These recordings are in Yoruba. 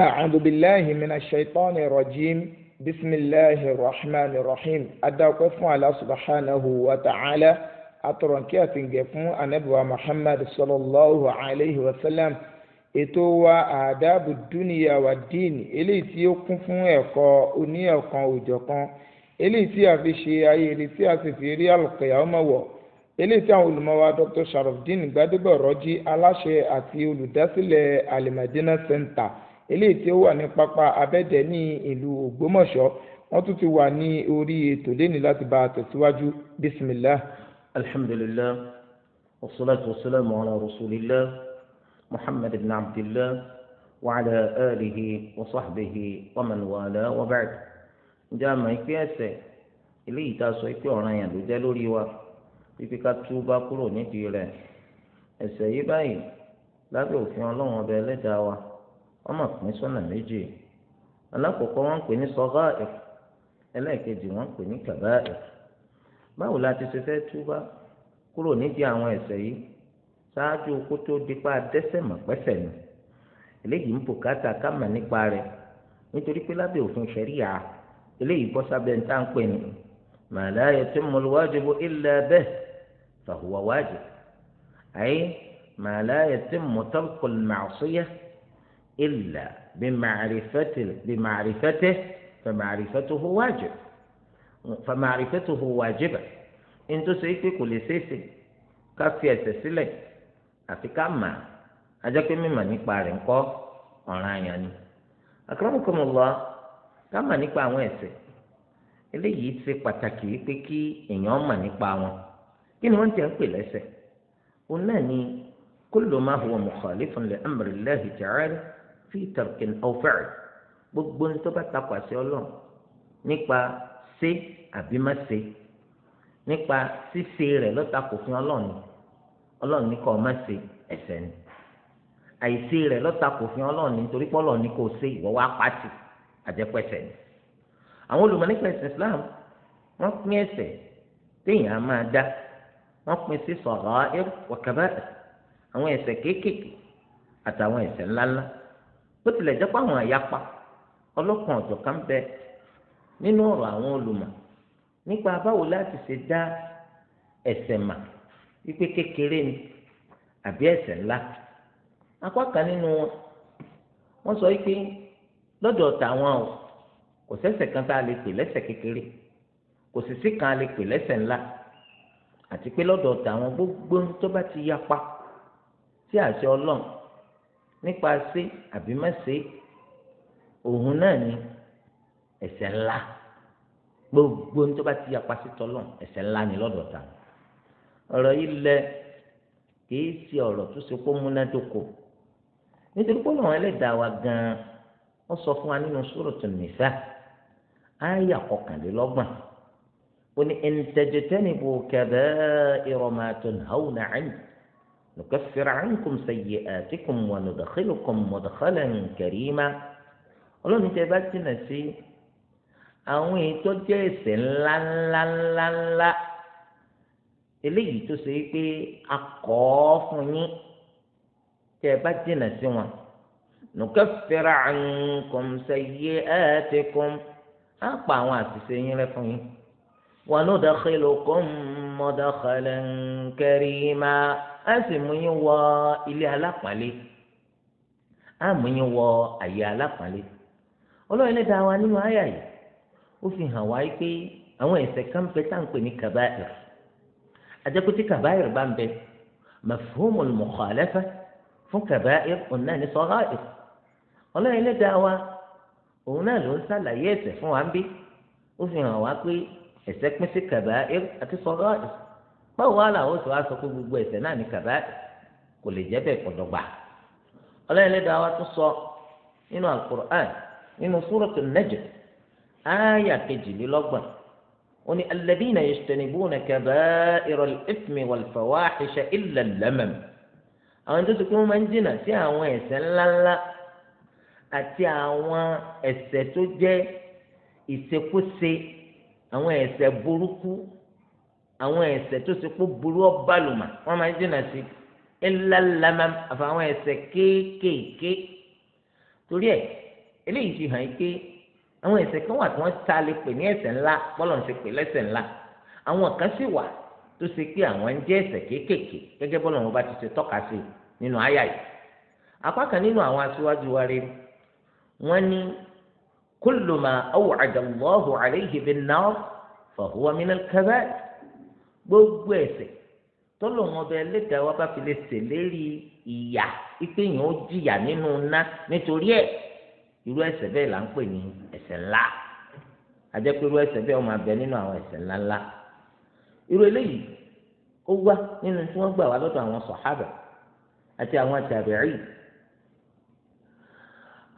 أعوذ بالله من الشيطان الرجيم بسم الله الرحمن الرحيم أدعوكم على سبحانه وتعالى atọ̀rọ̀ kí a ti gẹ̀ fún anabiwa muhammad sallallahu alayhi wa sallam ètò wa àdábù dúnìyà wà dín eléyìí tí ó kún fún ẹ̀kọ́ oníyọ̀kan òjọ̀kan eléyìí tí a fi ṣe ayére tí a sì fi rí alùkìyàmọ wọ̀ eléyìí tí àwọn olùmọ̀wá dr sharafdin gbadebo rọ́jí aláṣẹ àti olùdásílẹ̀ alimadina center eléyìí tí ó wà ní pápá abẹ́dẹ̀ ní ìlú Ògbómọ̀ṣọ́ wọ́n tún ti wà ní orí ètò lẹ́ni láti bá a tẹ̀síwájú bismillah. alhamdulillah wasalaatu wasalaamu ala rasulillah muhammad ibn abdillah wa ala alihi wa sahbihi wa man wala wa ba'd. ǹjẹ́ àmọ́ ìpín ẹ̀ṣẹ̀ eléyìí tá a sọ pé ọ̀ràn yẹn ló jẹ́ lórí wa pípí ká túbá kúrò nídìí rẹ̀ ẹ̀ṣẹ̀ yìí báyìí lábẹ́ òfin ọlọ́run ọba ẹlẹ́dàá wa wọ́n mọ̀ pín sọ́nà méjì alákọ̀ọ́kọ́ wọ́n ń pè ní sọ́gáìr ẹlẹ́ẹ̀kejì wọ́n ń pè ní kàbáìr báwo la ti ṣe fẹ́ túbá kúrò nídìí àwọn ẹ̀ṣẹ̀ yìí ṣáájú kó tó dípa dẹ́ṣẹ̀ mọ̀ pẹ́ṣẹ̀ ni eléyìí ń bùkátà ká mọ̀ nípa rẹ̀ nítorí pé lábẹ́ òfin ṣẹ̀ríyà eléyìí bọ́ sábẹ́ ń tá ń pè ní ma la yatimmul wajibu illa bih fahuwa wajib ay ma la yatimmu tarkul ma'siyah إلا بمعرفته بمعرفته فمعرفته واجب فمعرفته واجبة إن تسيكي كل سيس كفي سيسلي أفكا ما أجاكي مما نكبارين كو أرانياني أكرمكم الله كما نكبا ويسي eléyìí ṣe pàtàkì wípé kí èèyàn mọ̀ nípa wọn kí ni wọ́n ti ń pè lẹ́sẹ̀ òun náà ni kullu ma huwa mukhalifun li amri Allahi fi tẹ̀kìn ọ̀fẹ́rẹ́ gbogbo ní tó bá takò àṣẹ ọlọ́run nípa ṣe àbí má ṣe nípa ṣíṣe rẹ̀ lọ́takò fún ọlọ́run ọlọ́run ní kò má ṣe ẹ̀ṣẹ̀ ni àìṣe rẹ̀ lọ́takò fún ọlọ́run nítorí pé ní kò ṣe ìwọ́ wá pàtì àjẹpẹ́sẹ̀ ni àwọn olùmọ̀ ẹ̀sìn Islam wọ́n pín ẹ̀ṣẹ̀ téèyàn á máa dá wọ́n pín sí sọ̀rọ̀ ẹ̀ wọ̀kẹ́bẹ́ àwọn ẹ̀ṣẹ̀ kéékèèké àtàwọn ẹ̀ṣẹ̀ ńláńlá bó tilẹ̀ jẹ́ pé àwọn àyapa ọlọ́kan ọ̀jọ̀kan bẹ nínú ọ̀rọ̀ àwọn olùmọ̀ nípa báwo láti ṣe dá ẹ̀ṣẹ̀ mà wípé kékeré ni àbí ẹ̀ṣẹ̀ ńlá apá kan nínú wọn wọ́n sọ wípé lọ́dọ̀ tàwọn o kò sẹ́ṣẹ̀ kan tá a lè pè lẹ́ṣẹ̀ kékeré kò sì sí kan a lè pè lẹ́ṣẹ̀ ńlá àti pé lọ́dọ̀ tàwọn gbogbo tó bá ti yapa sí àṣẹ ọlọ́run nípa ṣe àbí má ṣe òun náà ni ẹ̀ṣẹ̀ ńlá gbogbo ní tó bá ti yapa sí tọlọ ẹ̀ṣẹ̀ ńlá ni lọ́dọ̀ ta ọ̀rọ̀ yìí lẹ kìí ṣe ọ̀rọ̀ tó ṣe kó múnádóko nítorí pé Ọlọ́run Ẹlẹ́dàá wa ganan wọn sọ fún wa nínú Sūratun Nisā' àyà kọkànlélọ́gbọ̀n ó ní in tajtanibū kabā'ira mā tunhawna 'anhu. نكفر عنكم سيئاتكم وندخلكم مدخلا كريما ọlọ́run tẹ bá jìnnà sí àwọn ètò jẹ́ ẹ̀ṣẹ̀ ńlá ńlá ńlá ńlá eléyìí tó ṣe pé a kọ́ fún yín tẹ bá jìnnà sí wọn nukaffir ankum sayyi'atikum á pa àwọn àṣìṣe yín rẹ́ fún yín. وندخلكم مدخلا كريما a sì mú yín wọ ilé alápàlẹ a mú yín wọ àyè alápàlẹ Ọlọ́run lè dá wa nínú àyà yìí ó fi hàn wá pé àwọn ẹ̀ṣẹ̀ kan bẹ tá à ń pè ní kàbáyìr àjẹkùtì kàbáyìr bá ń bẹ mafhumul mukhalafa fún kàbáyìr òun náà ní sọ́gáìr Ọlọ́run lè dá wa òun náà ló ń sàlàyé ẹ̀ṣẹ̀ fún wa ń bí ó fi hàn wá pé ẹ̀ṣẹ̀ pín sí kàbáír àti sọgáìr báwo wá làwọn oṣù wa sọ pé gbogbo ẹ̀ṣẹ̀ náà ní kàbáír kò lè jẹ́ bẹ́ẹ̀ kọ̀dọ̀gba ọlọ́run lẹ́dàá wa tún sọ nínú alukur'an nínú súrọ̀tù najm áyà kejìlélọ́gbọ̀n ó ní alladhina yajtanibuna kaba'ira al-ithmi wal-fawahisha illa al-lamam àwọn tó ti kú máa ń jìnnà sí àwọn ẹ̀ṣẹ̀ ńláńlá àti àwọn ẹ̀ṣẹ̀ tó jẹ́ ìṣekúṣe àwọn ẹ̀ṣẹ̀ burúkú àwọn ẹ̀ṣẹ̀ tó ṣe kó burú ọba lùmà wọn máa ń dènà sí ńlá lamá àfa àwọn ẹ̀ṣẹ̀ kéékèèké torí ẹ eléyìí fi hàn pé àwọn ẹ̀ṣẹ̀ kan wà tí wọn ta lè pè ní ẹ̀ṣẹ̀ ńlá bọlọ ń ṣe pè lẹ́ṣẹ̀ ńlá àwọn kan sì wà tó ṣe pé àwọn ń jẹ ẹ̀ṣẹ̀ kéékèèké gẹ́gẹ́ bọlọ wọn bá ti ṣe tọ́ka sí nínú àyà yìí apá kan nínú àwọn aṣíwájú wa rèé wọn ní كل ما أوعد الله عليه بالنار فهو من الكبائر gbogbo ẹ̀ṣẹ̀ tọlọ wọn bẹ lẹtà wa bá fi lè ṣèlérí ìyà ipe yẹn ó jìyà nínú ná nítorí ẹ irú ẹ̀ṣẹ̀ bẹ́ẹ̀ là ń pè ní ẹ̀ṣẹ̀ ńlá àjẹpẹ irú ẹ̀ṣẹ̀ bẹ́ẹ̀ ọmọ abẹ nínú àwọn ẹ̀ṣẹ̀ ńlá ńlá irú eléyìí ó wá nínú tí wọn gbà wá lọ́dọ̀ àwọn sọhábà àti àwọn àtàbẹrì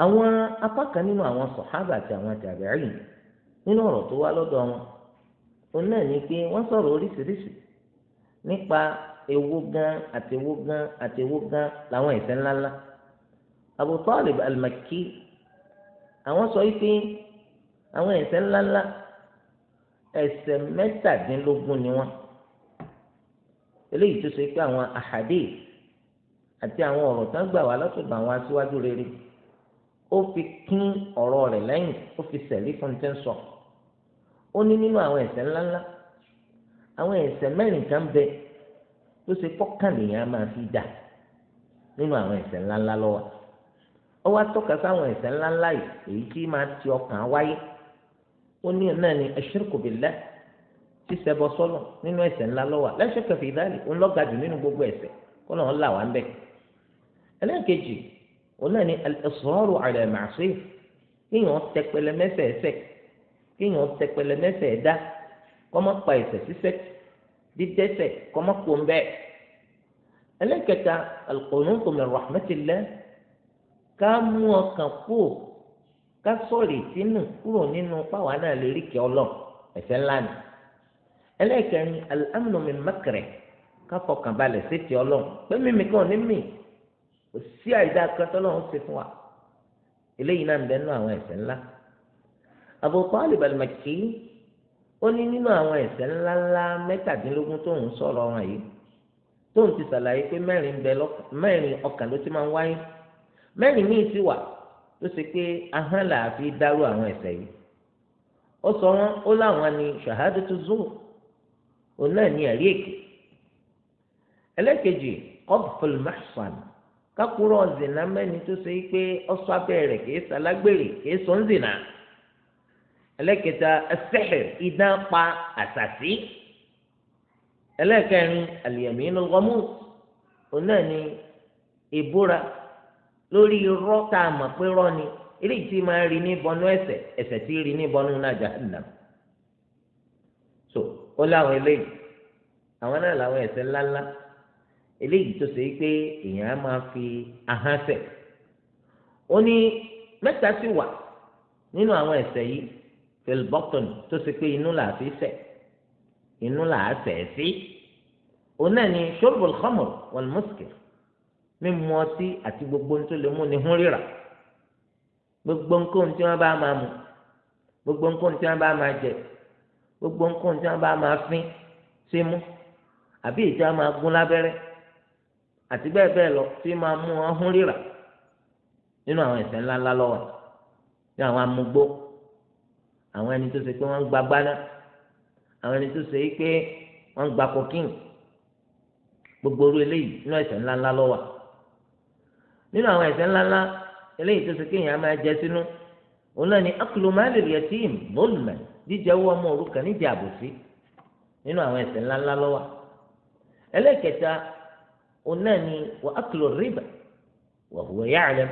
àwọn apá kan nínú àwọn sọ̀hábà àti àwọn tàbíìn nínú ọ̀rọ̀ tó wá lọ́dọ̀ wọn òun náà ni pé wọ́n sọ̀rọ̀ oríṣiríṣi nípa ewu gan àti ewu gan àti ewu gan làwọn ẹ̀ṣẹ̀ ńláńlá Abu Talib al-Makki àwọn sọ wípé àwọn ẹ̀ṣẹ̀ ńláńlá ẹ̀ṣẹ̀ mẹ́tàdínlógún ni wọ́n eléyìí tó ṣe pé àwọn àhàdé àti àwọn ọ̀rọ̀ tán gbà wá látọ̀dọ̀ àwọn aṣíwájú rere ó fi kún ọ̀rọ̀ rẹ̀ lẹ́yìn ó fi sẹ̀lí fún tẹ́ ń sọ ó ní nínú àwọn ẹ̀ṣẹ̀ ńláńlá àwọn ẹ̀ṣẹ̀ mẹ́rin kan bẹ tó ṣe pọ́kànlélẹ́yìn á máa fi dà nínú àwọn ẹ̀ṣẹ̀ ńláńlá lọ́wọ́ ó wá tọ́ka sáwọn ẹ̀ṣẹ̀ ńláńlá yìí èyí tí máa ti ọkàn wáyé ó ní náà ni ashirku billah sísẹbọ sọlọ nínú ẹ̀ṣẹ̀ nínú gbogbo ẹ̀ṣẹ̀ kọ́ náà ni al-israru ala ma'siyah kéèyàn tẹpẹlẹ mẹsẹ̀ ẹsẹ̀ kéèyàn tẹpẹlẹ mẹsẹ̀ ẹ̀dá kọ́mọ́ pa ẹ̀ṣẹ̀ sísẹ́ dídẹ́ṣẹ̀ kọ́mọ́ kó ń bẹ́ẹ̀. ẹlẹ́kẹta al-qunutu min rahmatillah ká mú ọkàn kú ká sọ̀rọ̀ ìtínú kúrò nínú páwa náà lè rí kí ọlọ́ ẹ̀ṣẹ̀ ńlá ni. ẹlẹ́kẹrin al-amnu ká fọkàn balẹ̀ sétí ọlọ́ pé mímí kan ní mìí kò sí àìdá kẹtọ́ lọ́wọ́ ṣe fún wa eléyìí náà ń bẹ nínú àwọn ẹ̀ṣẹ̀ ńlá Abu Talib al-Makki ó ní nínú àwọn ẹ̀ṣẹ̀ ńláńlá mẹ́tàdínlógún tó ń sọ̀rọ̀ wọn yìí tó ń ti sàlàyé pé mẹ́rin mẹ́rin ọkàn ló ti máa ń wáyé mẹ́rin míì sì wà tó ṣe pé ahọ́n là á fi dárú àwọn ẹ̀ṣẹ̀ yìí ó sọ wọn ó láwọn ni shahadatu zuur òun náà ní ẹ̀rí èké ẹlẹ́kejì qabful kakuro ọ̀zìnà mẹ́ni tó ṣe pé ọ̀sọ́ abẹ́rẹ́ kìí ṣalágbèrè kìí sọ ń zìnà ẹlẹ́kẹta ẹsẹ̀hẹ̀ idán pa àṣàṣì ẹlẹ́kẹrin àlìyàmínú ọmú òun náà ni ìbúra lórí irọ́ tá a mọ̀ pé rọ́ ni eléyìí tí máa rí ní bọnú ẹsẹ̀ ẹsẹ̀ tí rí ní bọnú náà jahannam so ó láwọn eléyìí àwọn náà làwọn ẹsẹ̀ ńláńlá eléyìí tó ṣe pé èèyàn á máa fi ahọ́n ṣẹ̀ ó ní mẹ́ta sì wà nínú àwọn ẹ̀ṣẹ̀ yìí filbọ́tọ̀n tó ṣe pé inú là á fi ṣẹ̀ inú là á ṣẹ̀ sí òun náà ni ṣọ́rbùl khamr wal muskir mímu ọtí àti gbogbo ohun tó lè mú ni hún ríra gbogbo nǹkan tí wọ́n bá máa mu gbogbo nǹkan tí wọ́n bá máa jẹ gbogbo nǹkan tí wọ́n bá máa fín símú àbí ìjà máa gún lábẹ́rẹ́ àti bẹ́ẹ̀ bẹ́ẹ̀ lọ tí máa mú wọn hún ríra nínú àwọn ẹ̀ṣẹ̀ ńláńlá lọ́wọ́ ní àwọn amúgbó àwọn ẹni tó ṣe pé wọ́n ń gba gbáná àwọn ẹni tó ṣe pé wọ́n ń gba kokin gbogbo orú eléyìí nínú ẹ̀ṣẹ̀ ńláńlá lọ́wọ́ nínú àwọn ẹ̀ṣẹ̀ ńláńlá eléyìí tó ṣe pé èèyàn máa jẹ sínú òun náà ni akulu máàlì yatim bọ́ọ̀lùmẹ̀ jíjẹ owó ọmọ òrukàn nídìí àbòsí nínú àwọn ẹ̀ṣẹ̀ ńláńlá lọ́wọ́ ẹlẹ́kẹta òun náà ni wà á kìlọ̀ rìbà wà hùwà yá àlẹ́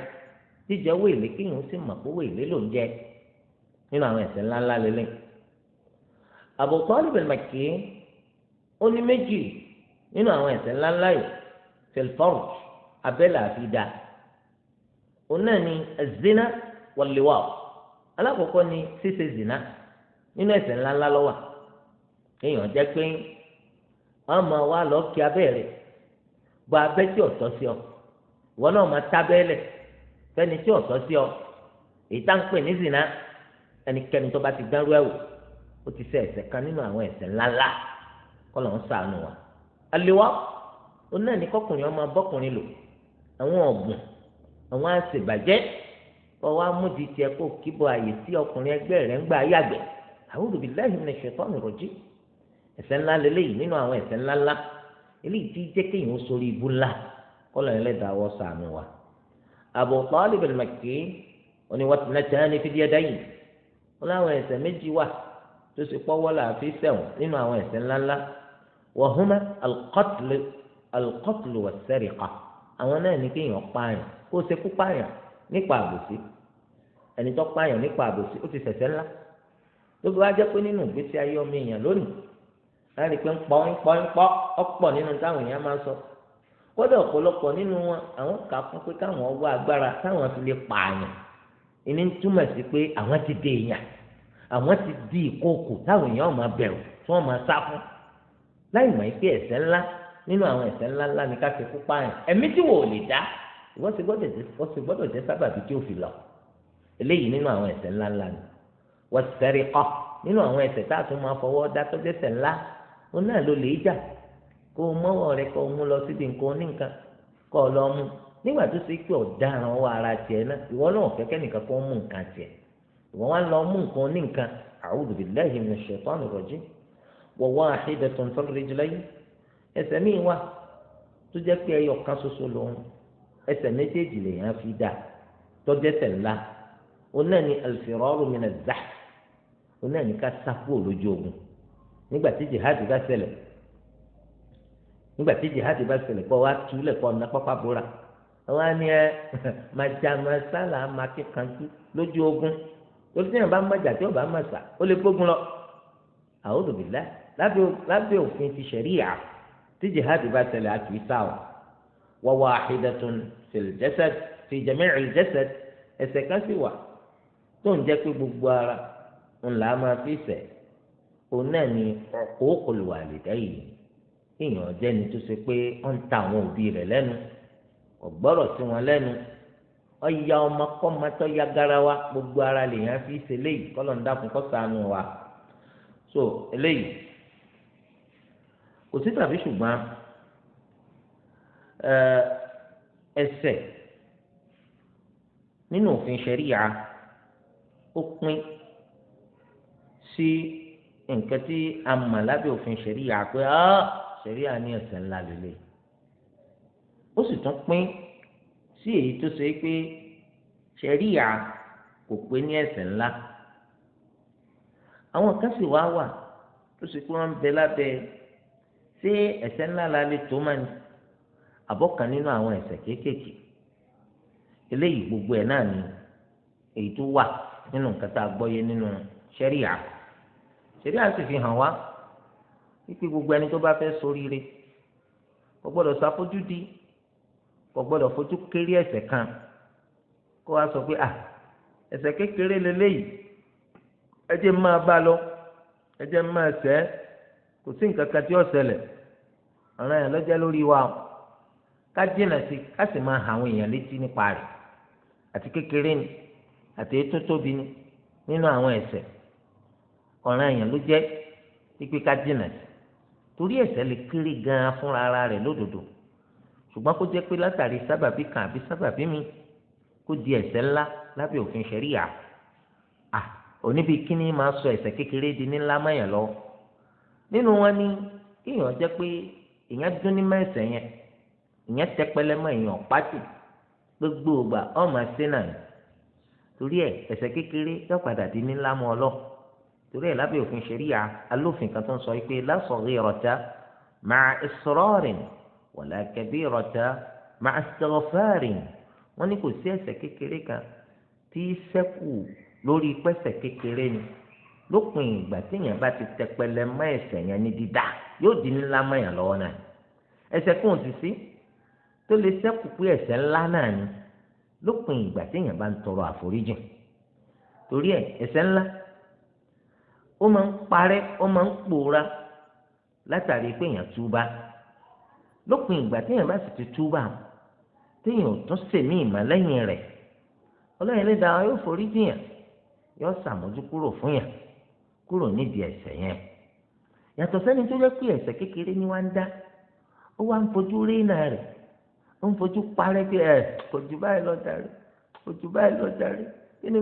jíjẹ owó èlé kéèyàn ó sì mọ̀ pé owó èlé ló ń jẹ nínú àwọn ẹ̀ṣẹ̀ ńláńlá lélẹ̀ Abu Talib al-Makki ó ní méjì nínú àwọn ẹ̀ṣẹ̀ ńláńlá yìí fẹlifọrùj abẹ́lẹ̀ àfi dá òun wàlíwà alákọ̀ọ́kọ́ ni ṣíṣe zina nínú ẹ̀ṣẹ̀ ńláńlá ló wà kéèyàn jẹ́ pé wọ́n máa wá lọ́ọ́ kí abẹ́rẹ́ gba abẹ́ tí ọ̀tọ́ sí ọ ìwọ náà máa tábẹ́lẹ̀ fẹ́ni tí ọ̀tọ́ sí ọ èyí tá ń pè ní zina ẹnikẹ́ni tó bá ti dárú ẹ̀wò ó ti ṣe ẹ̀ṣẹ̀ kan nínú àwọn ẹ̀ṣẹ̀ ńláńlá kọ́ lọ́n sànù wa. àlewá ó náà ní kọkùnrin ọmọ bọ́kùnrin lò àwọn ọ̀gùn àwọn àṣebàjẹ́ ọwọ́ amúdi tiẹ̀ kó kíbo àyè tí ọkùnrin ẹgbẹ́ rẹ̀ ń gbà yàgbẹ́ a'udhu billahi minash shaitani rajim ẹ̀ṣẹ̀ ńlá lélẹ́yìí nínú àwọn ẹ̀ṣẹ̀ ńláńlá eléyìí tí jẹ́ kéèyàn ó sórí ibú ńlá kọ́lọ̀ yẹn lẹ́dàá wọ́ sàmì wa Abu Talib al-Makki oní wọ́n ti lẹ́tẹ̀ ní fídíẹ̀ dáyìí wọn láwọn ẹ̀ṣẹ̀ méjì wà tó ṣe pọ́wọ́ làáfi sẹ̀wọ̀n nínú àwọn ẹ̀ṣẹ̀ ńláńlá wa huma al-qatl al-qatl was-sariqa àwọn náà ní kéèyàn pààyàn kó o ṣe kú pààyàn nípa àbòsí ẹni tó pààyàn nípa àbòsí ó ti ṣẹ̀ṣẹ̀ ńlá tó fi jẹ́ pé nínú ìgbésí ayé ọmọ èèyàn lónìí láti pé ńpọ́ ńpọ́ ńpọ́ ọ̀pọ̀ nínú táwọn èèyàn máa sọ kódà ọ̀pọ̀lọpọ̀ nínú wọn àwọn kà fún pé káwọn wá agbára táwọn fi lè pààyàn ìní túmọ̀ sí pé àwọn ti dé èèyàn àwọn ti di ìkókò táwọn èèyàn máa bẹ̀rù tí wọ́n máa sá fún láì mọ̀ pé ẹ̀ṣẹ̀ ńlá nínú àwọn ẹ̀ṣẹ̀ ńlá ńlá ni ká fi kú pààyàn ẹ̀mí tí wò lè dá wọ́n ti gbọ́dọ̀ òun náà ló lè jà kó o mọ́wọ́ rẹ kó o mú lọ síbi nǹkan oníǹkan kó o lọ mú nígbà tó ṣe pé ọ̀daràn wa ara tiẹ̀ náà ìwọ náà kẹ́kẹ́ nìkan kó o mú nǹkan tiẹ̀ ìwọ wá lọ mú nǹkan oníǹkan a'udhu billahi minash shaitani rajim wa wahidatun fil rijlayn ẹsẹ̀ míì wà tó jẹ́ pé ẹyọ kan ṣoṣo lòun ẹsẹ̀ méjèèjì lèèyàn fi dà tọ́jẹ́sẹ̀ ńlá òun náà ni al-firaru min náà ni ká sá kúrò lójú ogun nígbà tí jihadi bá ṣẹlẹ̀ nígbà tí jihadi bá ṣẹlẹ̀ kọ́ wa túlẹ̀ kọ́ ọ̀nà pápá bóra àwa ni ẹ màjàmá sálà máa kíkanjú lójú ogun torí tíyẹn bá mọ̀jà tí ó bá mọ̀ ó lè gbógun lọ a'udhu lábẹ́ òfin ti ṣẹ̀ríyà tí jihadi bá ṣẹlẹ̀ àti ìsáwọ̀ wa wahidatun fil jasad fi jami'il jasad ẹ̀sẹ̀ kan sì wà tó ń jẹ́ pé gbogbo ara ńlá máa fi sẹ̀ òun náà ni huququl walidayn èèyàn jẹ́ ni tó ṣe pé wọ́n ń ta àwọn òbí rẹ lẹnu kò sí wọn lẹnu ọ̀ya ọmọ ya garawa gbogbo ara lèèyàn fi ṣe léyìí kọ́lọ̀ ń dákun sànù wa so eléyìí kò sí tàbí nínú òfin ó pín sí. Si, nǹkan tí a mọ̀ lábẹ́ òfin ṣẹ̀ríyà pé ọ́ ṣẹ̀ríyà ní ẹ̀ṣẹ̀ ńlá lélẹ̀ ó sì tún pín sí èyí tó ṣe pé ṣẹ̀ríyà kò pé ní ẹ̀ṣẹ̀ ńlá àwọn kan sì wá wà tó ṣe pé wọ́n ń bẹ lábẹ́ ṣé ẹ̀ṣẹ̀ ńlá la lè tó máa ní àbọ̀kan nínú àwọn ẹ̀ṣẹ̀ kéékèèké eléyìí gbogbo ẹ̀ náà ni èyí tó wà nínú nǹkan tá a gbọ́yé nínú ṣẹ̀ríyà kù ṣèlú àti fi hàn wá wípé gbogbo ẹni tó bá fẹ́ ṣoríire kò gbọ́dọ̀ ṣàfojú di kò gbọ́dọ̀ fojú kéré ẹ̀ṣẹ̀ kan kó wá sọ pé à ẹ̀ṣẹ̀ kékeré lélẹ́yìí ẹ jẹ́ máa bá lọ ẹ jẹ́ máa ṣẹ̀ kò sí nǹkan kan tí ó ṣẹlẹ̀ ọ̀ràn yẹn lọ́jọ́ lórí wa ká jìnà sí ká sì máa hàn àwọn èèyàn létí nípa rẹ̀ àti kékeré ni àti ètò tóbi ni nínú àwọn ẹ̀ṣẹ̀ ọ̀ràn èèyàn ló jẹ́ pípé ká jìnà sí torí ẹ̀ṣẹ̀ lè kéré gan-an fúnra ara rẹ̀ lódodo ṣùgbọ́n kó jẹ́ pé látàrí sábàbí kan àbí sábàbí mi kó di ẹ̀ṣẹ̀ ńlá lábẹ́ òfin ṣẹ̀ríyà à oníbi kíní máa sọ ẹ̀ṣẹ̀ kékeré di ńlá mọ́yàn lọ nínú wọn ni kéèyàn jẹ́ pé èèyàn dún ní mẹ́sẹ̀ yẹn èèyàn tẹpẹlẹ mọ́ èèyàn pátì gbogbo ògbà ọmọ ṣe náà torí ẹ̀ ẹ̀ṣẹ̀ kékeré yọ padà di ńlá mọ́ ọlọ́ọ̀ torí ẹ̀ lábẹ́ òfin ṣẹ̀ríà alófin kan tó ń sọ pé la saghirata ma'a israrin wala kabirata ma'a istighfarin wọ́n ní kò sí ẹ̀ṣẹ̀ kékeré kan tí ṣẹ́kù lórí pẹ́ṣẹ̀ kékeré ni lópin ìgbà téèyàn bá ti tẹpẹlẹ mọ́ ẹ̀ṣẹ̀ yẹn ní dídá yóò di ńlá mọ́yàn lọ́wọ́ náà ẹ̀ṣẹ̀ kùn ti sí tó lè ṣẹ́kù pé ẹ̀ṣẹ̀ ńlá náà ni lópin ìgbà téèyàn bá ń tọrọ àforíjì torí ẹ̀ ẹ̀ṣẹ̀ ńlá ó máa ń parẹ́ ó máa ń pòórá látàrí pé èèyàn túbá lópin ìgbà téèyàn bá sì ti túbá téèyàn ò tún sèmí ìmọ̀ lẹ́yìn rẹ̀ ọlọ́run lè ọ yóò forí jìyàn yóò ṣàmójú kúrò fún yàn kúrò níbi ẹsẹ yẹn yàtọ̀ sẹ́ni tó jẹ́ pé kékeré ni wọ́n ń dá ó ń fojú rẹ̀ ó ń fojú parẹ́ lọ darí kò jù lọ darí kí ni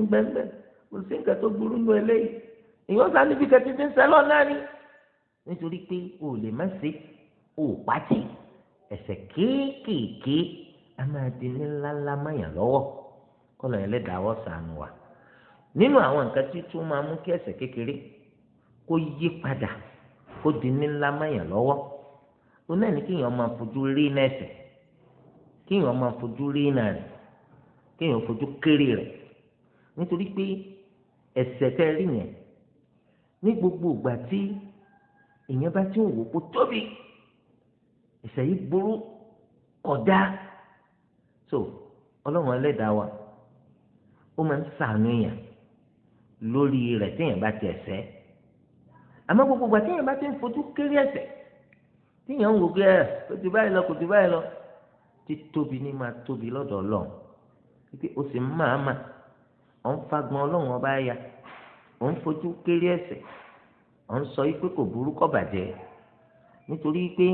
kò sí nǹkan ìwọ sá níbi kẹtí ti ń sẹlọ náà ni nítorí pé o lè má ṣe o pàtì ẹsẹ̀ kéékèèké a máa di ní ńláńlá mayàn lọ́wọ́ kọlọ Ẹlẹ́dàá wọ sànù wa nínú àwọn nǹkan tí tún máa mú kí ẹsẹ̀ kékeré kó yí padà kó di ní ńlá mayàn lọ́wọ́ o náà ní kéèyàn máa fojú rí iná kéèyàn máa fojú rí iná rẹ̀ kéèyàn fojú kéré rẹ̀ nítorí pé ẹsẹ̀ tẹ yẹn ní gbogbo ìgbà tí èèyàn bá ti ń wò kó tóbi ẹ̀ṣẹ̀ yìí burú kódà so ọlọ́run ẹlẹ́dàá wa ó máa ń sàánú èèyàn lórí rẹ̀ téèyàn bá ti ẹ̀ṣẹ̀ àmọ́ gbogbo ìgbà téèyàn bá ti ń fojú kéré ẹ̀ṣẹ̀ téèyàn ń wò pé ẹ̀ eh, kò ti báyìí lọ kò ti báyìí lọ ti tóbi ní máa tóbi lọ́dọ̀ pé o sì ń máa mà ọ̀ ń fagbọn ọlọ́run ọba ya. ò ń fojú kéré ẹ̀ṣẹ̀ ò ń sọ pé kò burú kò bàjẹ́ nítorí pé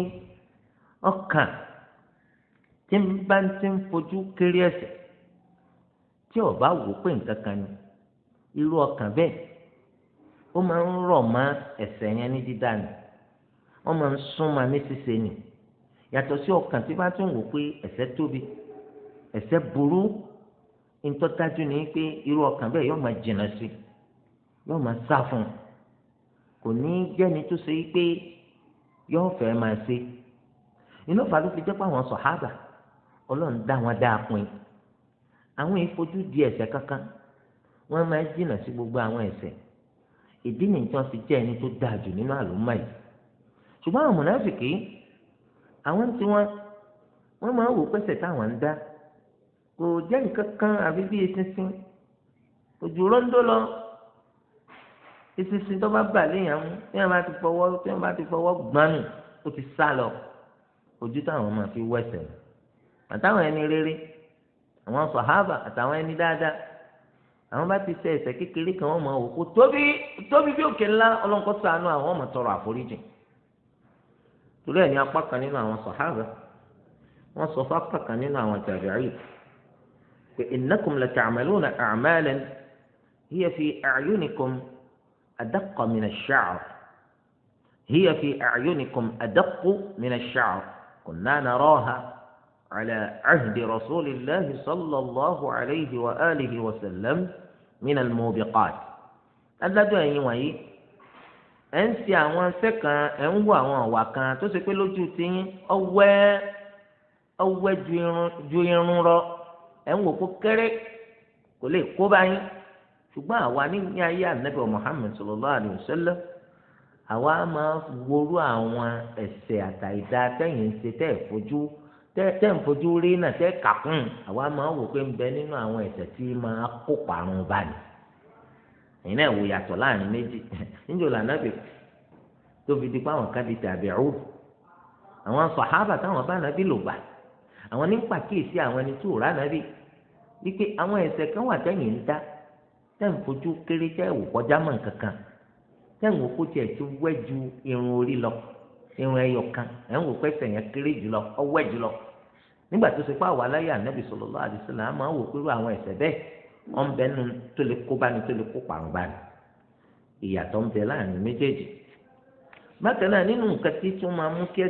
ọkàn tí ń bá ń ti ń fojú kéré ẹ̀ṣẹ̀ tí ó bá wò pé nǹkan kan ni irú ọkàn bẹ́ẹ̀ ó máa ń rọ̀ ma ẹ̀ṣẹ̀ yẹn ní dídá ni wọ́n máa ń súnmọ́ ní ṣíṣe ni yàtọ̀ sí ọkàn tí bá tún wò pé ẹ̀ṣẹ̀ tóbi ẹ̀ṣẹ̀ burú ntọ́tajú ni pé irú ọkàn yóò máa yóò máa sá fún un kò ní jẹ́ni tó ṣe pé yóò fẹ́ máa ṣe inú ọ̀fà ló fi jẹ́ pé àwọn sọ̀hábà ọlọ́run dá wọn dáa pin àwọn ìfojú di ẹ̀ṣẹ̀ kankan wọ́n máa jìnnà sí gbogbo àwọn ẹ̀ṣẹ̀ ìdí nìyí tí wọ́n fi jẹ́ ẹni tó dáa jù nínú àlùmọ́ yìí ṣùgbọ́n àwọn mùnáfìkì àwọn tí wọ́n wọ́n máa wò pẹ́sẹ̀ táwọn ń dá kò jẹ́ nǹkan kan àfi bí eṣinṣin òjò rọ́ńdó lọ ìsinsin tó bá bà léèyàn mú tí wọn bá ti fọwọ́ tí wọn bá ti fọwọ́ gbanù ó ti sá lọ ojú táwọn máa fi wẹsẹ̀ àtàwọn ẹni rere àwọn sàhábà àtàwọn ẹni dáadáa àwọn bá ti ṣe ẹ̀ṣẹ̀ kékeré kan wọn máa wò kó tóbi tóbi bí òkè ńlá ọlọ́nkọ́ ṣàánú àwọn ọmọ tọrọ àforíjì torí ẹ̀ ní apá kan nínú àwọn sàhábà wọn sọ fún apá kan nínú àwọn tàbíàrí pé innakum la ta'maluna a'malan hiya fi a'yunikum. أدق من الشعر هي في أعينكم أدق من الشعر كنا نراها على عهد رسول الله صلى الله عليه وآله وسلم من الموبقات adájọ́ ẹ̀yin wọ̀nyí ẹ ń ṣe àwọn ẹsẹ̀ kan ẹ ń wo àwọn ọ̀wà kan tó ṣe pé lójú tiyín ọwẹ́ ọwẹ́ ju irun lọ ẹ ń wò kó kéré kò lè kó báyìí ṣùgbọ́n àwa ní ayé ànábì Muhammad sallallahu alayhi wa sallam àwa máa worú àwọn ẹ̀ṣẹ̀ àtàìdá tẹ̀yìn ṣe tẹ́ ẹ̀ fojú tẹ́ ẹ̀ fojú rí náà tẹ́ ẹ̀ kàkún àwa máa wò pé ń bẹ nínú àwọn ẹ̀ṣẹ̀ tí máa kó parun bá ní. ẹ̀yin náà wò yàtọ̀ láàrin méjì níjọ́ lànàbì tó fi di pé àwọn kan tàbí ọ̀hún àwọn sàhábà táwọn bá nàbí lò gbà àwọn nípa kíyèsí àwọn ẹni tó rà nàbí wípé àwọn ẹ̀ṣẹ̀ kan wà tẹ̀yìn ń dá tẹ́ fojú kéré tẹ́ wò kọjá mọ̀ kankan tẹ́ ń wò kó tiẹ̀ ti wẹ́ ju irun orí lọ irun ẹyọ kan ẹ̀ ń wò pé ẹsẹ̀ kéré jùlọ ọwẹ́ jùlọ nígbà tó ṣe pé àwọn aláyé máa wò pé àwọn ẹ̀ṣẹ̀ bẹ́ẹ̀ bẹ nu tó lè kó tó lè kó ìyàtọ̀ ń bẹ láàrin méjèèjì bákan náà nínú nǹkan tí tún máa mú kí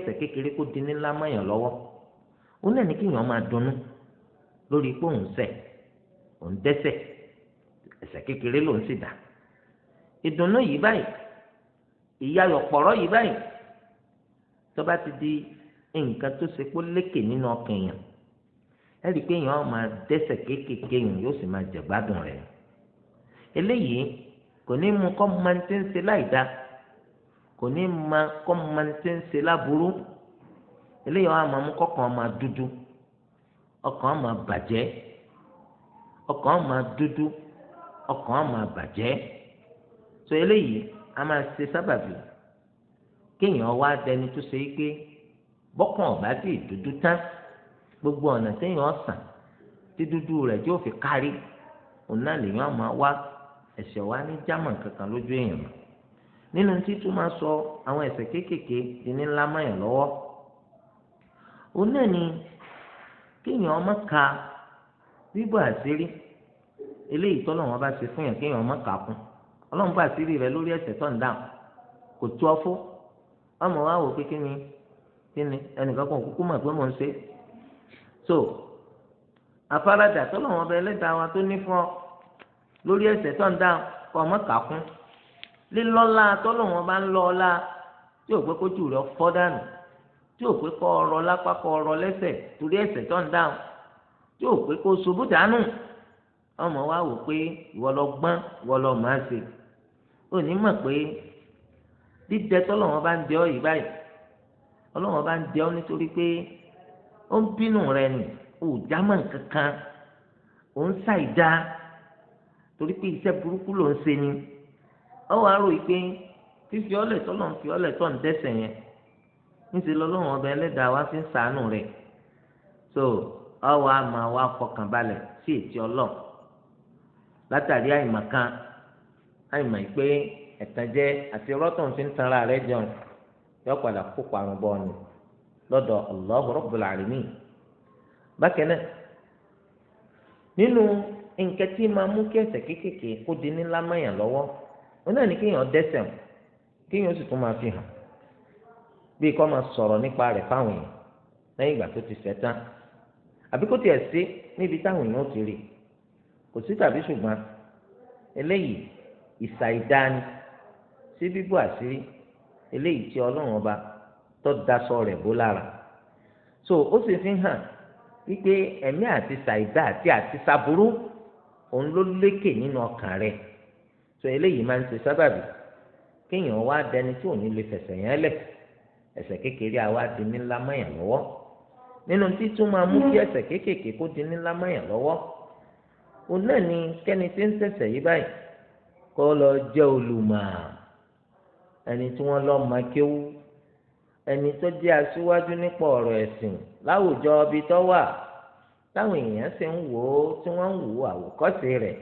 ẹ̀ṣẹ̀ kékeré ló ń sì dá ìdùnnú yìí báyìí ìyáyọ̀ pọ̀rọ̀ yìí báyìí tó bá ti di nǹkan tó ṣe pé lékè nínú ọkàn èèyàn ẹ rí i pé èèyàn máa dẹ́ṣẹ̀ kéékèèké èèyàn yóò sì máa jẹ̀gbádùn rẹ̀ eléyìí kò ní mú kọ́ máa ti ń ṣe láìda kò ní ma kọ́ máa ti ń ṣe láburú eléyìí wọn máa mú kọ́kàn máa dúdú ọkàn máa bàjẹ́ ọkàn máa dúdú ọkàn á máa bàjẹ́ so eléyìí a máa ṣe sábàbí kéèyàn wá dẹni tó ṣe pé bọ́kàn ọ̀bá sì dúdú tán gbogbo ọ̀nà téèyàn sàn tí dúdú rẹ̀ tí ó fi kárí òun náà lèèyàn máa wá ẹ̀ṣẹ̀ wá ní german kankan lójú èèyàn nínú títún máa sọ àwọn ẹ̀ṣẹ̀ kéékèèké di ní ńlá mọ́yàn lọ́wọ́ òun ni kéèyàn má ka bíbọ̀ àṣírí eléyìí tọ́lọ̀ wọn bá ṣe fún yàn kéèyàn má kàkún ọlọ́run bá sírí rẹ lórí ẹ̀sẹ̀ tó ń dáhùn kò tó ọ fún ọmọ wa wò pé kíni kíni ẹnìkan kan kúkú mọ̀ pé mò ń ṣe so afárádà tọ́lọ̀ wọn bá ẹlẹ́dàá wa tó ní fún ọ lórí ẹ̀sẹ̀ tó ń dáhùn kọ́ ọ má kàkún lílọ́lá tọ́lọ̀ wọn bá ń lọ ọlá tí ò pé kójú rẹ fọ́ dànù tí ò pé kọ́ ọrọ̀ lápá kọ́ ọrọ̀ lẹ́sẹ̀ torí ẹ̀sẹ̀ tó ń dáhùn tí ò pé kó ṣubú dànù ọmọ wa wò pé ìwọ lọ gbọ́n ìwọ lọ máa ṣe ó ní mọ̀ pé dídẹ tọ́lọ́wọ́n bá ń dẹ ọ́ yìí báyìí ọlọ́wọ́n bá ń dẹ ọ́ nítorí pé ó ń bínú rẹ nì ó já mọ́ kankan ó ń ṣàìdá torí pé iṣẹ́ burúkú ló ń ṣe ni ọ wàá rò pé fífi ọlẹ̀ tọ́lọ̀ ń fi ọlẹ̀ tọ́ ń dẹ́ṣẹ̀ yẹn níṣẹ́ lọ́lọ́wọ́n ọba ẹlẹ́dàá wá fi ń ṣàánú rẹ̀ so ọ wàá máa wá fọkànbalẹ̀ sí ètí ọlọ́ọ̀ látàrí àìmọ̀kan àìmọ̀ pé ẹ̀tànjẹ àti rọ́tọ̀n ti ń tanra rẹ̀ jẹun yóò padà kó parun bọ́ ni lọ́dọ̀ Allahu Rabbul Alamin bákan náà nínú nǹkan tí máa mú kí ẹ̀ṣẹ̀ kéékèèké di lọ́wọ́ wọn náà ní kéèyàn fi hàn bí kò máa sọ̀rọ̀ nípa rẹ̀ fáwọn èèyàn lẹ́yìn ìgbà tó ti tán àbí kó tiẹ̀ sí kò sí tàbí ṣùgbọ́n eléyìí ìsàìdáni sí bíbú àṣírí eléyìí tí ọlọ́run ọba tó daṣọ rẹ̀ bó lára so ó sì fi hàn wípé ẹ̀mí àti ṣàìdá àti àti ṣàbúrú òun ló lékè nínú ọkàn rẹ̀ so eléyìí máa ń ṣe sábàbí kéèyàn wá dẹni tí ò ní lè fẹsẹ̀ yẹn lẹ̀ ẹ̀ṣẹ̀ kékeré àwa di ní ńlá mọ́yàn lọ́wọ́ nínú títún máa mú kí ẹ̀ṣẹ̀ kéékèèké kó di ní ńlá mọ́yàn lọ́wọ́ òun náà ni kẹ́ni tí ń ṣẹ̀ṣẹ̀ yí báyìí kó lọ jẹ́ olùmọ̀ ẹni tí wọ́n lọ máa kéwú ẹni tó jẹ́ aṣíwájú nípa ọ̀rọ̀ ẹ̀sìn láwùjọ ibi tó wà táwọn èèyàn ṣe ń wò ó tí wọ́n ń wò àwòkọ́ṣe rẹ̀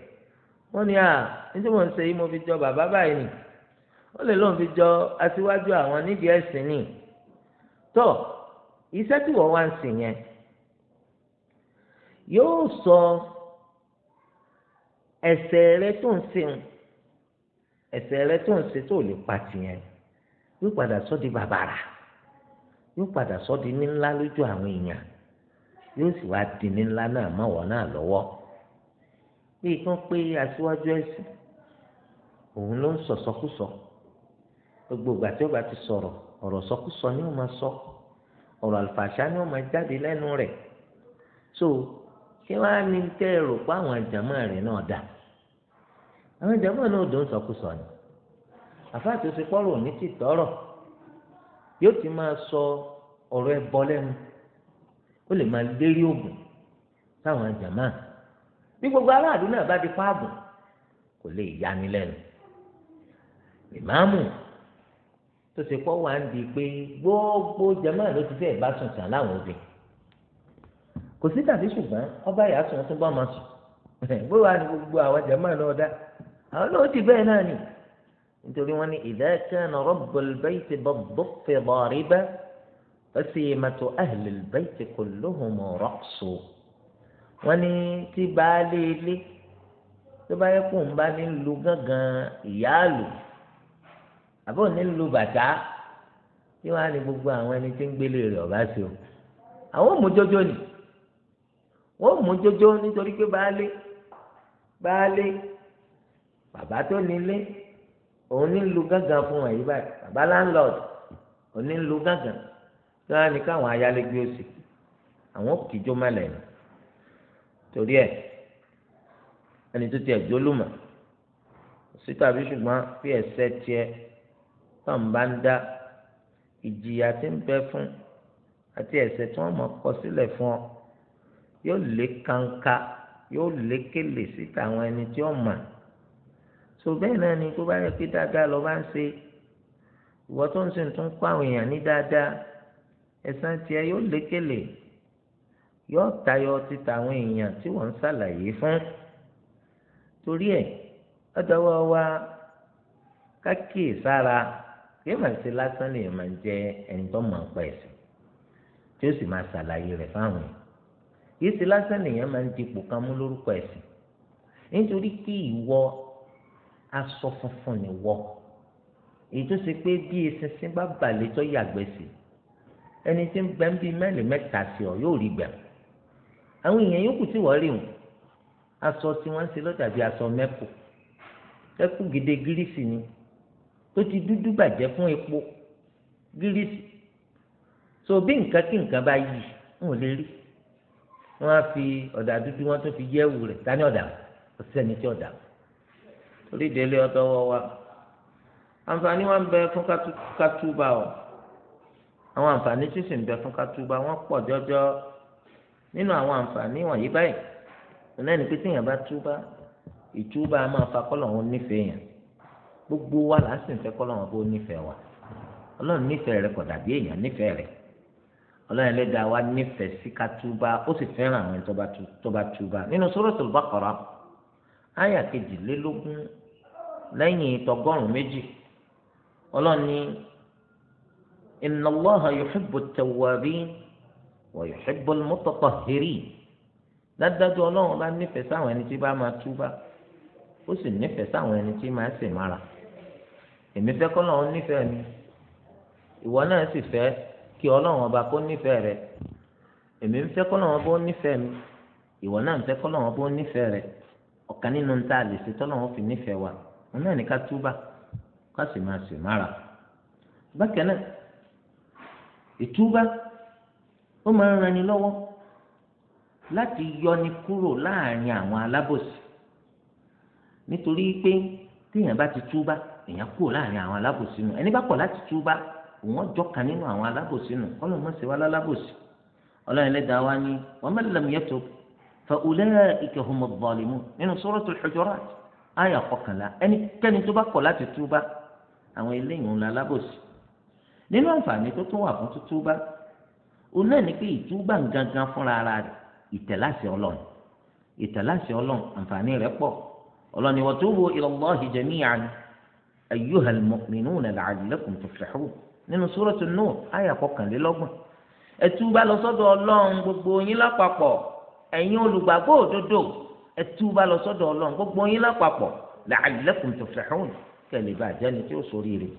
wọ́n ní à nítorí wọ́n ń ṣe yìí mo fi jọ bàbá báyìí nì ó lè lóun fi jọ aṣíwájú àwọn nídìí ẹ̀sìn nì tó iṣẹ́ tí wọ́n wá ń sìn yẹn yóò sọ. So, ẹ̀ṣẹ̀ rẹ tó ń ṣe ń ẹ̀ṣẹ̀ rẹ tó ń ṣe tó lè pa tìyẹn yóò padà sọ di bàbàrà yóò padà sọ di nínlá lójú àwọn èèyàn yóò sì wá di nínlá náà mọ̀wọ́ náà lọ́wọ́ bí kan pé aṣíwájú ẹ̀sìn òun ló ń sọ̀sọ́kùsọ gbogbo ìgbà tí ó bá ti sọ̀rọ̀ ọ̀rọ̀ sọkúsọ ni ó máa sọ ọ̀rọ̀ àlùfàṣà ni ó máa jáde lẹ́nu rẹ̀ so kí wàá ní tẹ́ ẹ rò pé àwọn jàmá rẹ̀ náà dà àwọn jàmá náà dùn sọkúsọ ni àfáàtì ó ti pọ́rọ̀ ní ti tọ́rọ̀ yóò ti máa sọ ọ̀rọ̀ ẹbọ lẹ́nu ó lè máa lérí ògùn táwọn bí gbogbo aráàlú náà bá di kò lè yani lẹ́nu ìmáàmù tó ti pọ́ wá ń di pé gbogbo jàmá ló ti fẹ́ bá sùn sàn láwọn kò sí tàbí ṣùgbọ́n ọba yà sùn tún bá máa sùn bó wàá ní gbogbo àwọn jàmá náà dá àwọn náà ó ti bẹ́ẹ̀ náà nì nítorí wọn ní ìdákan rabbul bayti bid-duffi dariban fasimatu ahlil bayti kulluhum raqsu wọn ní tí baálé ilé tó bá yẹ kó ń bá ní lu gángan ìyáàlú àbọ̀ ní lu bàtà tí wọn á ní gbogbo àwọn ẹni tí ń gbélé rẹ̀ ọ̀bá sí o àwọn òmùjọ́jọ́ nìí wọ́n mú jójó nítorí pé baálé baálé bàbá tó nílé òun ní lu gángan fún wọn yìí báyìí bàbá landlord òun ní lu gángan tí wọ́n á ní káwọn ayálégbé ó sì àwọn kìjó má lẹ́nu torí ẹ̀ ẹni tó tiẹ̀ jólùmọ̀ síta bí ṣùgbọ́n bí ẹsẹ̀ tiẹ̀ tó ń bá ń dá ìjìyà tí ń bẹ fún àti ẹsẹ̀ tí wọ́n mọ̀ kọ sílẹ̀ fún ọ yóò lé kàńkà yóò lé kélé síta àwọn ẹni tí ó mà so bẹ́ẹ̀ náà ni tó bá yẹ pé dáadáa lọ bá ń ṣe ìwọ tó ń sìn tó ń kó àwọn èèyàn ní dáadáa ẹ̀san tiẹ̀ yóò lé kélé yóò tayọ títa àwọn èèyàn tí wọ́n ń ṣàlàyé fún torí ẹ̀ ọ̀dọ́wọ́ wa kákìí sára yóò máa ṣe lásán lè máa jẹ ẹni tó máa ń pa tí ó sì máa ṣàlàyé rẹ̀ fáwọn èèyàn yìí ṣe lásán nìyẹn máa ń dipò kan mú lórúkọ ẹ̀sìn nítorí pé ìwọ aṣọ funfun nìwọ èyí tó ṣe pé bí eṣinṣin bá balẹ̀ tó yàgbẹ́ sí ẹni tí ń bẹ ń bí mẹ́rin mẹ́ta sí ọ yóò rí gbà àwọn èèyàn yòókù tí wọ́n rí wọn aṣọ tí wọ́n ń ṣe lọ́dà bíi aṣọ mẹ́kù ẹkú gidi gírísì ni tó ti dúdú bàjẹ́ fún epo gírísì so bí nǹkan kí nǹkan bá yí n ò lè rí wọ́n á fi ọ̀dà dúdú wọn tó fi yẹ ewu rẹ̀ tani ọ̀dà ọ̀sẹ̀ni tí ọ̀dà torí délé ọ̀dọ́wọ́ wa àǹfààní wọn bẹ fún kátúbà ọ àwọn àǹfààní tí sì ń bẹ fún kátúbà wọn pọ̀ jọjọ nínú àwọn àǹfààní wọ̀nyí báyìí lẹ́nu pé tíyàn bá túbà ìtúbà máa fa kọ́lọ̀ wọn nífẹ̀ẹ́ yẹn gbogbo wa là á sì ń fẹ́ kọ́lọ̀ wọn bó nífẹ̀ẹ́ wa ọlọ́run nífẹ̀ẹ́ rẹ kọ̀ dàbí èèyàn nífẹ̀ẹ́ rẹ̀ ọlọ́run ẹlẹ́dàá wa nífẹ̀ẹ́ sí ká túbà ó sì fẹ́ràn àwọn tó bá túbà nínú Suratul Baqara àyà kejìlélógún lẹ́yìn tọgọ́rùn-ún méjì ọlọ́run ní inna Allaha yuhibbu at-tawwabin wa yuhibbu al-mutatahhirin dájúdájú ọlọ́run bá nífẹ̀ẹ́ sáwọn ẹni tí bá máa túbà ó sì nífẹ̀ẹ́ sáwọn ẹni tí máa ṣèmára èmi fẹ́ kọ́ kí ọlọ́run ọba kó nífẹ̀ẹ́ rẹ èmi ń fẹ́ kọ́lọ́run bó nífẹ̀ẹ́ mi ìwọ náà ń fẹ́ kọ́lọ́run bó nífẹ̀ẹ́ rẹ ọ̀kan nínú tá a lè ṣe tọ́lọ́run fi nífẹ̀ẹ́ wa òun náà ní ká túbà ká sì máa sì mára bákan náà ìtúbà ó máa ń ran ni lọ́wọ́ láti yọni kúrò láàrin àwọn alábòsí nítorí pé téèyàn bá ti túbà èèyàn kúrò láàrin àwọn alábòsí nù ẹni bá kọ̀ láti túbà wọn jọ kàn nínú àwọn alábòsí nù kọlọ mọ sí wa lálábòsí Ọlọ́run Ẹlẹ́dàá wa ni wa man lam yatub fa ulaika humu zalimun nínú suratul hujurat àyà kọkànlá ẹnikẹ́ni tó bá kọ̀ láti túbá àwọn eléyìí ńlá alábòsí nínú àǹfààní tó tún wà fún tútúbá òun náà ní pé ìtúbà ń gangan fúnra ara rẹ̀ ìtẹ̀láṣẹ Ọlọ́run ìtẹ̀láṣẹ Ọlọ́run àǹfààní rẹ̀ pọ̀ Ọlọ́run ni wa tubu ilallahi jami'an ayyuhal mu'minuna la'allakum tuflihun nínú sóròtù nù àyà kọkànlélọ́gbọ̀n ẹtúbà lọ sọ́dọ̀ ọlọ́run gbogbo yín lápapọ̀ ẹ̀yin olùgbàgbọ́ òdodo ẹtúbà lọ sọ́dọ̀ ọlọ́run gbogbo yín lápapọ̀ la'allakum tuflihun kẹlẹ bá jẹni tí ó sórí rẹ̀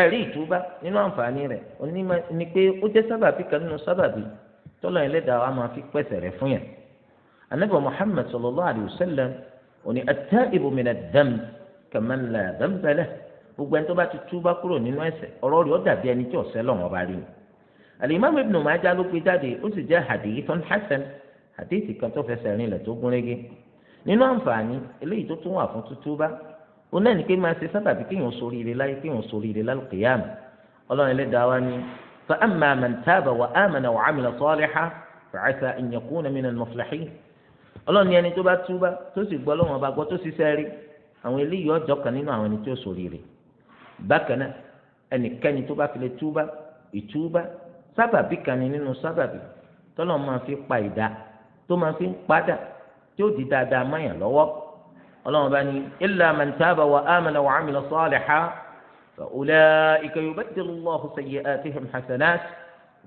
ẹ̀rí ìtúbà nínú àǹfààní rẹ̀ onímọ̀ ni pé ó jẹ́ sábàbí kan nínú sábàbí tọ́lọ́ yẹn lẹ́dàá wa máa fi pẹ̀sẹ̀ rẹ̀ fún yẹn anabi muhammad sallallahu alayhi òní at-ta'ibu min ad-dhanb gbogbo ẹni tó bá ti túbá kúrò nínú ẹ̀ṣẹ̀ ọ̀rọ̀ rẹ̀ ó dàbí ẹni tí ọ̀sẹ̀ lọ́wọ́ ọba rí ni. Al-Imam Ibn Majah ló gbé jáde ó sì jẹ́ hadithun hasan hadithi kan tó fẹsẹ̀ rinlẹ̀ tó gúnrégé nínú àǹfààní eléyìí tó tún wà fún túbá ó náà ní pé máa ṣe sábàbí kéèyàn ṣoríire láyé kéèyàn ṣoríire lálùkìyàmù ọlọ́run ẹlẹ́dàá wa ni fa amma man wa amana wa amila salihan fa asa an yakuna minal muflihin ọlọ́run ẹni tó bá túbá tó sì gbọ́ lọ́wọ́n ọba gbọ́ tó sì sẹ́rí àwọn eléyìí ọjọ́ kan nínú àwọn ẹni tó ṣoríire bákan náà ẹnikẹ́ni tó bá filẹ̀ túbá ìtúbá sábàbí kan nínú sábàbí tọ́lọ́ máa fi pa ìdá tó máa fi ń padà tí ó di dáadáa máyàn lọ́wọ́ ọlọ́run bá ní illa man taba wa amana wa amila salihan fa ulaika yubaddilu Allahu sayyi'atihim hasanat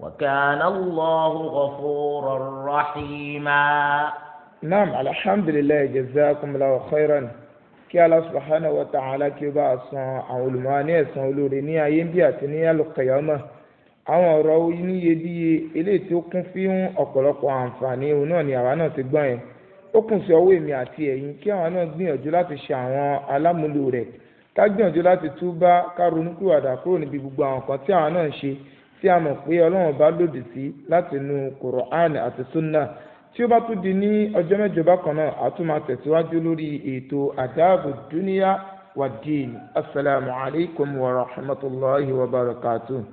wa kana Allahu ghafuran rahima. naam alhamdulilayi jazakumullahu khairan. kí Allah subhanahu wa ta'ala kí ó bá a san àwọn olùmọ̀ọ́ ní ẹ̀san olóore ní ayé ń bí àti ní alùkẹ̀yọ́mọ̀ àwọn ọ̀rọ̀ oníyebíye eléyìí tó kún fún ọ̀pọ̀lọpọ̀ àǹfààní òun náà ni àwa náà ti gbọ́n yẹn ó kùn sí ọwọ́ èmi àti ẹ̀yin kí àwa náà gbìyànjú láti ṣe àwọn alámúlò rẹ̀ ká gbìyànjú láti túbá ká ronúkúwàdà kúrò níbi gbogbo àwọn kan tí àwa náà ń ṣe tí a mọ̀ pé ọlọ́run bá lòdì sí látinú Kùránì àti Sunnah tí ó bá tún di ní ọjọ́ mẹ́jọ bákan náà a tún máa tẹ̀síwájú lórí ètò àdáàbò dúníyà wà dín asalaamualeykum wa rahmatulahi wa barakatuh.